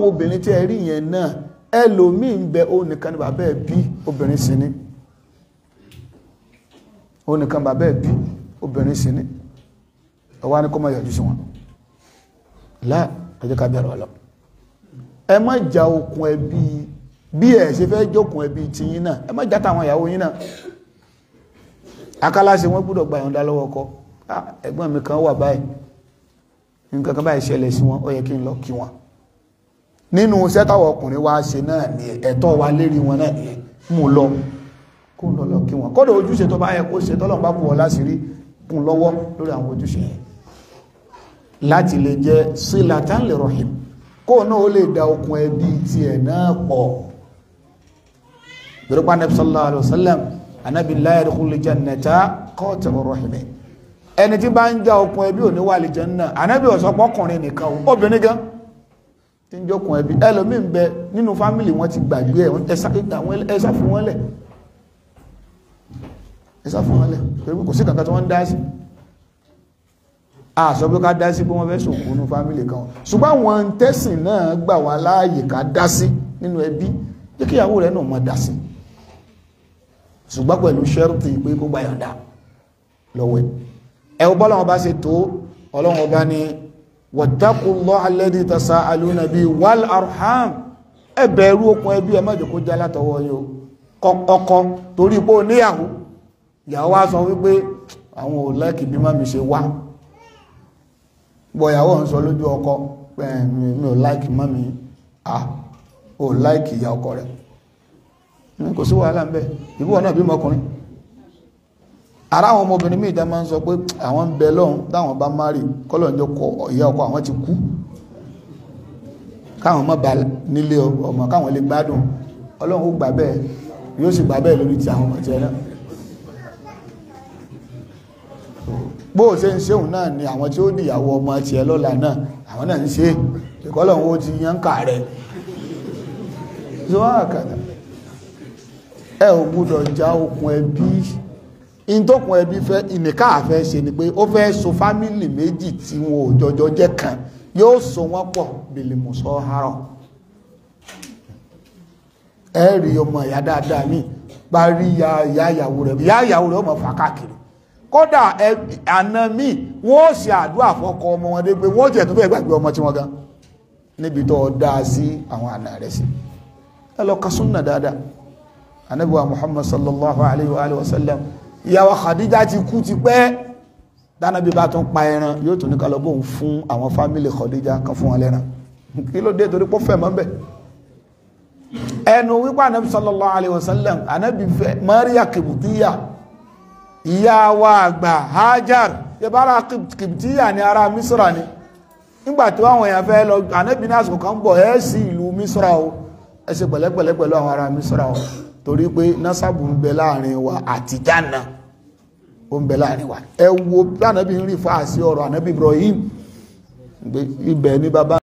àwọn obìnrin tí ẹ rí yẹn náà ẹlòmíì ń bẹ òun nìkan ni bàbá ẹ bí obìnrin sì ni òun nìkan bàbá ẹ bí obìnrin sì ni ẹ wá ní kó má yọjú sí wọn láà ẹ jẹ́ ká bẹ̀rù ọlọ ẹ má ja okùn ẹbí bí ẹ ṣe fẹ́ jókun ẹbí tiyín náà ẹ má já táwọn ìyàwó yín náà akálàṣe wọn gbọ́dọ̀ gba ìyọ̀ǹda lọ́wọ́ ọkọ ah, ẹ̀gbọ́n mi kan wà báyìí nǹkan kan báyìí ṣẹlẹ̀ sí wọn ó yẹ kí n lọ kí wọn nínú iṣẹ́ táwọn ọkùnrin wa ṣe náà ni ẹ̀tọ́ wa lérí wọn náà ni mú lọ kó lọ lọ kí wọn kọ́dọ̀ ojúṣe tó bá yẹ kó ṣe tọ́lọ̀ bá bù ọ láṣìírí kún lọ́wọ́ lórí àwọn ojúṣe yẹn láti lè jẹ sílátán lè rọ̀hìn kó náà ó lè da okùn ẹbí tiẹ̀ náà pọ̀ yorùbá nabi sallallahu alayhi wa sallam anabi la yadkhulu jannata qati'ur rahim ẹni tí bá ń já okùn ẹbí ò wà lè jẹ́ náà anabi ọ̀sọ́pọ̀ ọkùnrin nìkan obìnrin gan tí ń jókun ẹbí ẹlòmíín bẹ nínú fámìlì wọn ti gbàgbé ẹsà fún wọn lẹ̀ ẹsà fún wọn lẹ̀ torí kò sí kankan tí wọ́n ń dá sí àṣọ pé ká dá sí pé wọ́n fẹ́ sòkú nínú fámìlì kan ṣùgbọ́n àwọn tẹ́sìn náà gbà wá láàyè ká dá sí nínú ẹbí jẹ́ kí ìyàwó rẹ̀ náà mọ̀ dá sí ṣùgbọ́n pẹ̀lú ṣẹ́rìtì pé kó gbà yọ̀ǹda lọ́wọ́ ẹ̀ ẹ̀ bọ́lá wọn bá ṣe tó ọlọ́run ọba ní wàtàkù lọ́hàlẹ́dì tàṣà alúnàbí wal arham ẹbẹ̀rú okùn ẹbí ẹ má jẹ́ kó já látọwọ́ yóò ọkọ torí pé ó níyàwó ìyàwó wá sọ wípé àwọn ò lẹ́kì bí má mi ṣe wá bọ̀yàwó ń sọ lójú ọkọ pé mi má mi ara àwọn ọmọbìnrin míì dá máa ń sọ pé àwọn bẹ lọ́hùn táwọn bá má kọ́lọ̀ ń jọ kọ ìyá ọkọ àwọn ti kú káwọn má ba nílé ọmọ káwọn lè gbádùn ọlọ́run ó gbà bẹ́ẹ̀ yóò sì gbà bẹ́ẹ̀ lórí ti àwọn ọmọ tiẹ̀ náà bó o ṣe ń ṣéhùn náà ni àwọn tí ó níyàwó ọmọ tiẹ̀ lọ́la náà àwọn náà ń ṣe ìkọ́lọ̀hún ó ti yán kà rẹ̀ ẹ ò gbúdọ̀ já okùn ẹbí ìtòkùn ẹbí fẹ́ ìnìká àfẹ́ ṣe ni pé ó fẹ́ so fámìlì méjì tí wọn ò jọjọ jẹ́ kan yóò so wọ́n pọ̀ bìlìmùsọ̀ harọ̀ ẹ rí ọmọ ìyá dáadáa mi bá rí ìyá ìyàwó rẹ̀ ìyá ìyàwó rẹ̀ ọmọ fà káàkiri kódà àna mi wọ́n ó ṣe àdúrà fọ́kọ ọmọ wọn dé pé wọ́n jẹ̀ tó fẹ́ gbàgbé ọmọ tí wọ́n gan níbi tó dáa sí àwọn àna rẹ̀ sí ẹ lọ ka dáadáa anábìwá Muhammad sallallahu alayhi wa sallam ìyàwó Khadija ti kú ti pẹ́ dánábí bá tún pa ẹran yóò tún ní kalọ́bọ̀ òun fún àwọn fámílì Khadija kan fún wọn lẹ́ran kí ló dé torí pọ́ fẹ́ mọ́ bẹ̀ ẹnu wípé anabi sallallahu alayhi wa sallam anabi fẹ́ Maria kìbùtíyà ìyàwó àgbà Hajar yẹbára kìbùtíyà ní ara Misra ni nígbàtí àwọn èèyàn fẹ́ lọ anabi náà sọ̀kan bọ̀ ẹ́ sí ìlú Misra o ẹ ṣe pẹ̀lẹ́pẹ̀lẹ́ pẹ̀lú àwọn ará Misra o torí pé násábù ń bẹ láàrin wa àti jánà ó ń bẹ láàrin wa ẹ wo ń rí fáàsí ọ̀rọ̀ ànábì Ibrahim ibẹ̀ ní bàbá